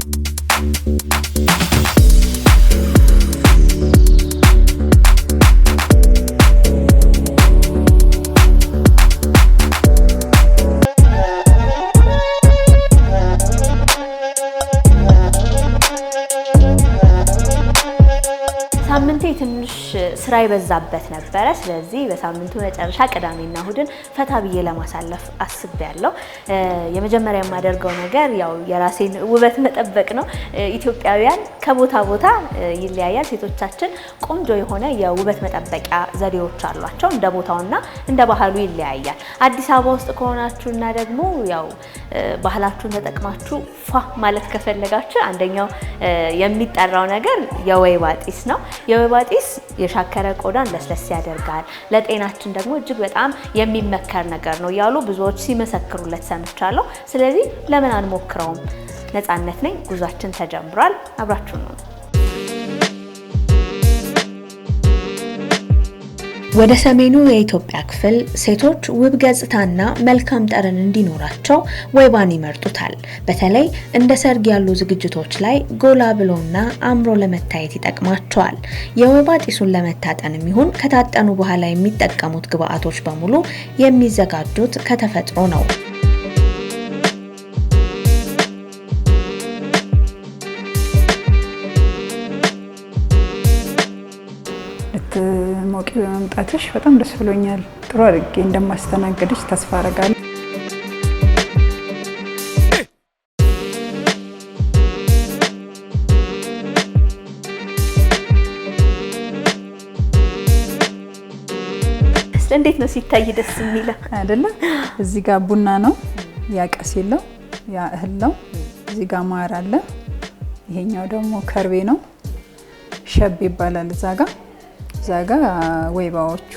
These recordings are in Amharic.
thank you ሳምንቴ ትንሽ ስራ የበዛበት ነበረ። ስለዚህ በሳምንቱ መጨረሻ ቅዳሜና እሁድን ፈታ ብዬ ለማሳለፍ አስቤያለሁ። የመጀመሪያ የማደርገው ነገር ያው የራሴን ውበት መጠበቅ ነው። ኢትዮጵያውያን ከቦታ ቦታ ይለያያል። ሴቶቻችን ቆንጆ የሆነ የውበት መጠበቂያ ዘዴዎች አሏቸው። እንደ ቦታውና እንደ ባህሉ ይለያያል። አዲስ አበባ ውስጥ ከሆናችሁና ደግሞ ያው ባህላችሁን ተጠቅማችሁ ፏ ማለት ከፈለጋችሁ አንደኛው የሚጠራው ነገር የወይባ ጢስ ነው። የወይባ ጢስ የሻከረ ቆዳን ለስለስ ያደርጋል፣ ለጤናችን ደግሞ እጅግ በጣም የሚመከር ነገር ነው እያሉ ብዙዎች ሲመሰክሩለት ሰምቻለሁ። ስለዚህ ለምን አንሞክረውም? ነፃነት ነኝ። ጉዟችን ተጀምሯል። አብራችሁ ነው። ወደ ሰሜኑ የኢትዮጵያ ክፍል ሴቶች ውብ ገጽታና መልካም ጠረን እንዲኖራቸው ወይባን ይመርጡታል። በተለይ እንደ ሰርግ ያሉ ዝግጅቶች ላይ ጎላ ብሎና አምሮ ለመታየት ይጠቅማቸዋል። የወይባ ጢሱን ለመታጠንም ይሁን ከታጠኑ በኋላ የሚጠቀሙት ግብአቶች በሙሉ የሚዘጋጁት ከተፈጥሮ ነው። በመምጣትሽ በጣም ደስ ብሎኛል። ጥሩ አድርጌ እንደማስተናገድሽ ተስፋ አረጋለሁ። እንዴት ነው ሲታይ ደስ የሚለው አይደለ? እዚህ ጋር ቡና ነው የለው ያ እህል ነው። እዚህ ጋር ማር አለ። ይሄኛው ደግሞ ከርቤ ነው፣ ሸብ ይባላል እዛ ጋር እዛ ጋ ወይባዎቹ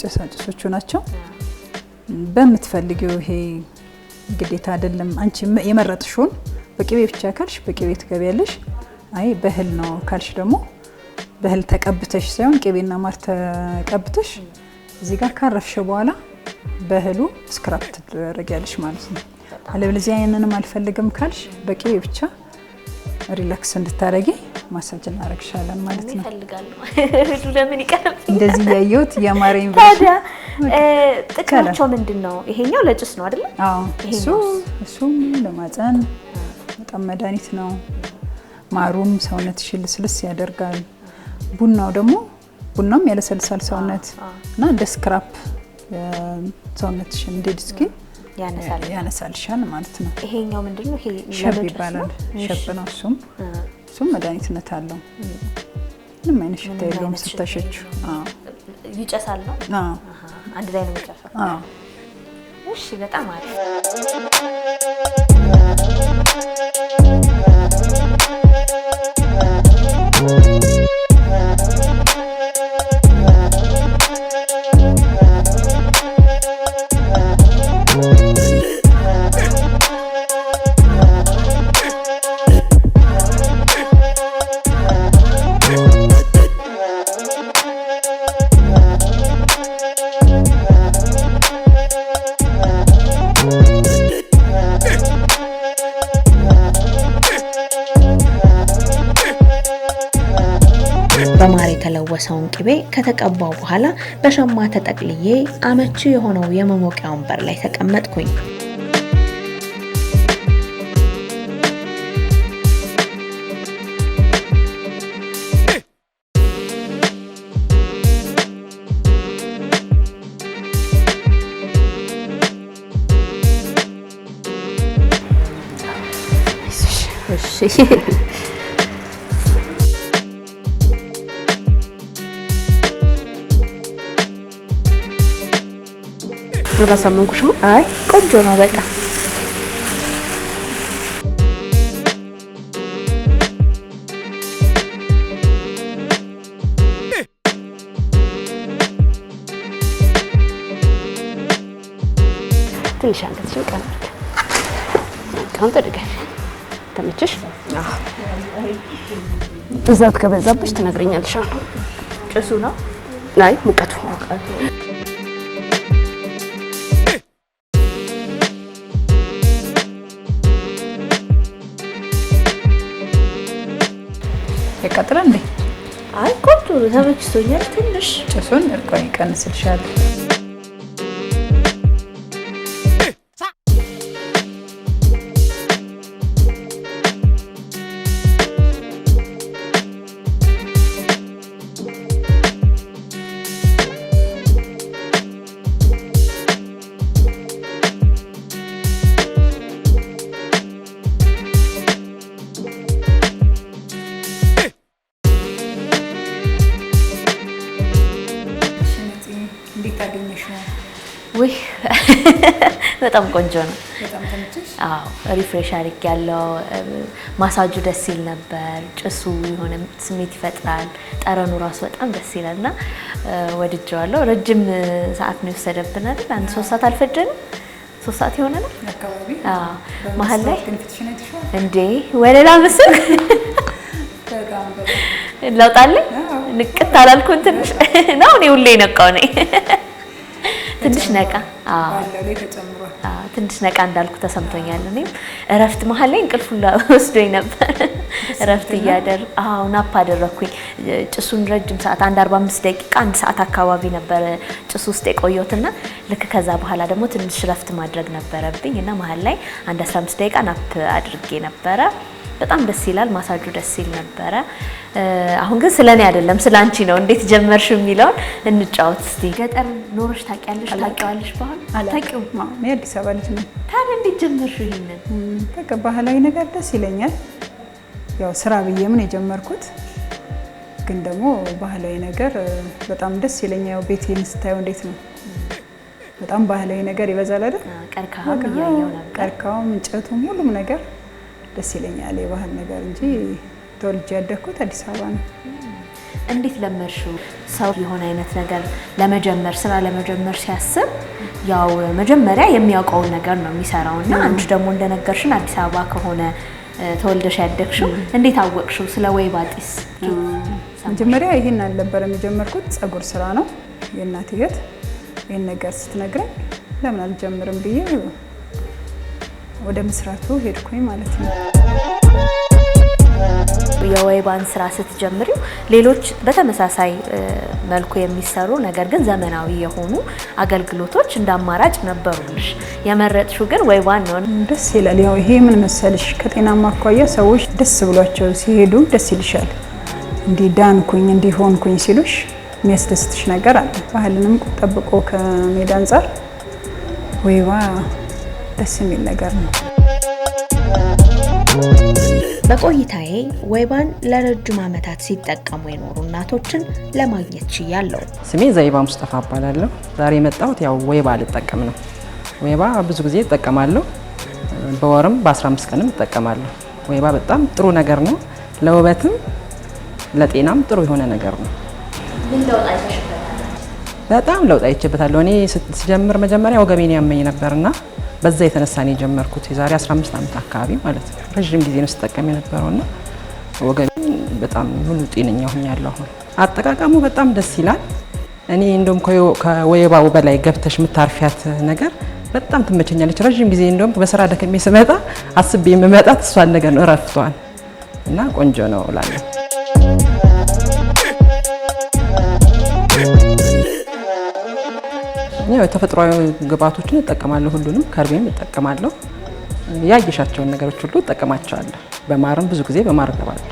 ጭሳጭሶቹ ናቸው። በምትፈልጊው ይሄ ግዴታ አይደለም። አንቺ የመረጥሽውን በቅቤ ብቻ ካልሽ በቅቤ ትገቢያለሽ። አይ በህል ነው ካልሽ ደግሞ በህል ተቀብተሽ ሳይሆን ቅቤና ማር ተቀብተሽ እዚህ ጋር ካረፍሽ በኋላ በእህሉ ስክራፕ ትደረጊያለሽ ማለት ነው። አለበለዚያ ያንንም አልፈልግም ካልሽ በቅቤ ብቻ ሪላክስ እንድታረጊ ማሳጅ እናረግሻለን ማለት ነው። እፈልጋለሁ ለምን ይቀርብ እንደዚህ ታዲያ ጥቅማቸው ምንድን ነው? ይሄኛው ለጭስ ነው አይደል? አዎ እሱ እሱም ለማፀን በጣም መድኃኒት ነው። ማሩም ሰውነትሽ ልስልስ ያደርጋል። ቡናው ደግሞ ቡናም ያለሰልሳል ሰውነት እና እንደ ስክራፕ ሰውነትሽን እንደ እስኪ ያነሳልሻል ማለት ነው። ይሄኛው ምንድን ነው? ሸብ ይባላል። ሸብ ነው እሱም እሱም መድኃኒትነት አለው። ምንም አይነት ሽታ የለውም። ስታሸችው ይጨሳል ነው አንድ ላይ ነው የሚጨሳው። እሺ በጣም አሪፍ ቅቤ ከተቀባው በኋላ በሸማ ተጠቅልዬ አመቺ የሆነው የመሞቂያ ወንበር ላይ ተቀመጥኩኝ። እሺ አላሳመንኩሽም። አይ ቆንጆ ነው በጣም ትንሽ አንገትሽን ቀን ቀን ተደገፍ ተመችሽ። እዛት ከበዛብሽ ትነግረኛለሽ። አሁን ጭሱ ነው ላይ ሙቀቱ ተመችቶኛል። ትንሽ ጭሱን እርቋን ይቀንስልሻል። በጣም ቆንጆ ነው። አዎ ሪፍሬሽ አድርግ ያለው ማሳጁ ደስ ይል ነበር። ጭሱ የሆነ ስሜት ይፈጥራል። ጠረኑ ራሱ በጣም ደስ ይላል እና ወድጀዋለሁ። ረጅም ሰዓት ነው የወሰደብን አይደል? አንድ ሶስት ሰዓት አልፈጀንም። ሶስት ሰዓት የሆነ ነው መሀል ላይ እንዴ ወደ ምስል ለውጣለኝ ንቅት አላልኩን ትንሽ ነው እኔ ሁሌ ነቃው ነኝ ትንሽ ነቃ ትንሽ ነቃ እንዳልኩ ተሰምቶኛል። እኔም እረፍት መሀል ላይ እንቅልፍ ሁላ ወስዶኝ ነበር። እረፍት እያደር አዎ ናፕ አደረግኩኝ። ጭሱን ረጅም ሰዓት አንድ 45 ደቂቃ አንድ ሰዓት አካባቢ ነበረ ጭሱ ውስጥ የቆየሁትና ልክ ከዛ በኋላ ደግሞ ትንሽ እረፍት ማድረግ ነበረብኝ እና መሀል ላይ አንድ 15 ደቂቃ ናፕ አድርጌ ነበረ። በጣም ደስ ይላል። ማሳጁ ደስ ይል ነበረ። አሁን ግን ስለ እኔ አይደለም ስለ አንቺ ነው። እንዴት ጀመርሽ የሚለውን እንጫወት እስቲ። ገጠር ኖረሽ ታውቂያለሽ? ታውቂዋለሽ? ባህል አታውቂውም? የአዲስ አበባ ልጅ ነው። ታዲያ እንዴት ጀመርሽ ይሄንን? በቃ ባህላዊ ነገር ደስ ይለኛል። ያው ስራ ብዬ ምን የጀመርኩት ግን ደግሞ ባህላዊ ነገር በጣም ደስ ይለኛል። ያው ቤቴን ስታየው እንዴት ነው በጣም ባህላዊ ነገር ይበዛል አይደል? ቀርካው፣ እንጨቱም ሁሉም ነገር ደስ ይለኛል የባህል ነገር እንጂ ተወልጄ ያደግኩት አዲስ አበባ ነው። እንዴት ለመድሽው? ሰው የሆነ አይነት ነገር ለመጀመር ስራ ለመጀመር ሲያስብ ያው መጀመሪያ የሚያውቀውን ነገር ነው የሚሰራው እና አንቺ ደግሞ እንደነገርሽን አዲስ አበባ ከሆነ ተወልደሽ ያደግሽው እንዴት አወቅሽው ስለ ወይባ ጢስ? መጀመሪያ ይህን አልነበረ የጀመርኩት፣ ጸጉር ስራ ነው የእናት ይህን ነገር ስትነግረኝ ለምን አልጀምርም ብዬ ወደ መስራቱ ሄድኩኝ ማለት ነው። የወይባን ስራ ስትጀምሪ ሌሎች በተመሳሳይ መልኩ የሚሰሩ ነገር ግን ዘመናዊ የሆኑ አገልግሎቶች እንደ አማራጭ ነበሩልሽ። የመረጥሽው ግን ወይባን ነው። ደስ ይላል። ያው ይሄ ምን መሰልሽ፣ ከጤናማ አኳያ ሰዎች ደስ ብሏቸው ሲሄዱ ደስ ይልሻል። እንዲህ ዳንኩኝ ሆንኩኝ ሲሉሽ የሚያስደስትሽ ነገር አለ። ባህልንም ጠብቆ ከሜዳ አንጻር ወይባ ደስ የሚል ነገር ነው። በቆይታዬ ወይባን ለረጅም ዓመታት ሲጠቀሙ የኖሩ እናቶችን ለማግኘት ችያለሁ። ስሜ ዘይባ ሙስጠፋ እባላለሁ። ዛሬ የመጣሁት ያው ወይባ ልጠቀም ነው። ወይባ ብዙ ጊዜ እጠቀማለሁ። በወርም በ15 ቀንም እጠቀማለሁ። ወይባ በጣም ጥሩ ነገር ነው። ለውበትም ለጤናም ጥሩ የሆነ ነገር ነው። በጣም ለውጥ አይቼበታለሁ። እኔ ስጀምር መጀመሪያ ወገቤን ያመኝ ነበርና በዛ የተነሳ ነው የጀመርኩት። የዛሬ 15 ዓመት አካባቢ ማለት ነው። ረዥም ጊዜ ነው ስጠቀም የነበረውና ወገቤን በጣም ሙሉ ጤነኛ ሆኛለሁ። አሁን አጠቃቀሙ በጣም ደስ ይላል። እኔ እንደውም ከወይባው በላይ ገብተሽ የምታርፊያት ነገር በጣም ትመቸኛለች። ረዥም ጊዜ እንደውም በስራ ደክሜ ስመጣ አስቤ የምመጣት እሷን ነገር ነው እረፍቷን እና ቆንጆ ነው እላለሁ። ያው የተፈጥሯዊ ግብአቶችን እጠቀማለሁ። ሁሉንም ከርቤም እጠቀማለሁ። ያየሻቸውን ነገሮች ሁሉ እጠቀማቸዋለሁ። በማርም ብዙ ጊዜ በማር እገባለሁ።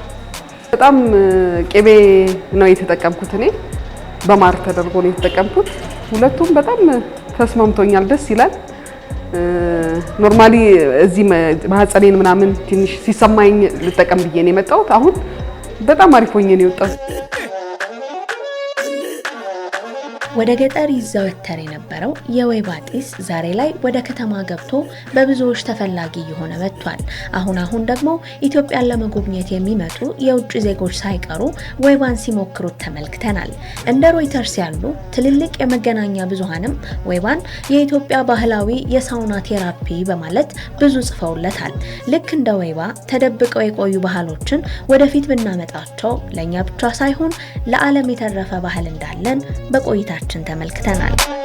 በጣም ቅቤ ነው የተጠቀምኩት እኔ በማር ተደርጎ ነው የተጠቀምኩት። ሁለቱም በጣም ተስማምቶኛል፣ ደስ ይላል። ኖርማሊ እዚህ ማህፀኔን ምናምን ትንሽ ሲሰማኝ ልጠቀም ብዬ ነው የመጣሁት። አሁን በጣም አሪፎኝ ነው የወጣሁት። ወደ ገጠር ይዘወተር የነበረው የወይባ ጢስ ዛሬ ላይ ወደ ከተማ ገብቶ በብዙዎች ተፈላጊ እየሆነ መጥቷል። አሁን አሁን ደግሞ ኢትዮጵያን ለመጎብኘት የሚመጡ የውጭ ዜጎች ሳይቀሩ ወይባን ሲሞክሩት ተመልክተናል። እንደ ሮይተርስ ያሉ ትልልቅ የመገናኛ ብዙሃንም ወይባን የኢትዮጵያ ባህላዊ የሳውና ቴራፒ በማለት ብዙ ጽፈውለታል። ልክ እንደ ወይባ ተደብቀው የቆዩ ባህሎችን ወደፊት ብናመጣቸው ለእኛ ብቻ ሳይሆን ለዓለም የተረፈ ባህል እንዳለን በቆይታችን ዜናዎችን ተመልክተናል።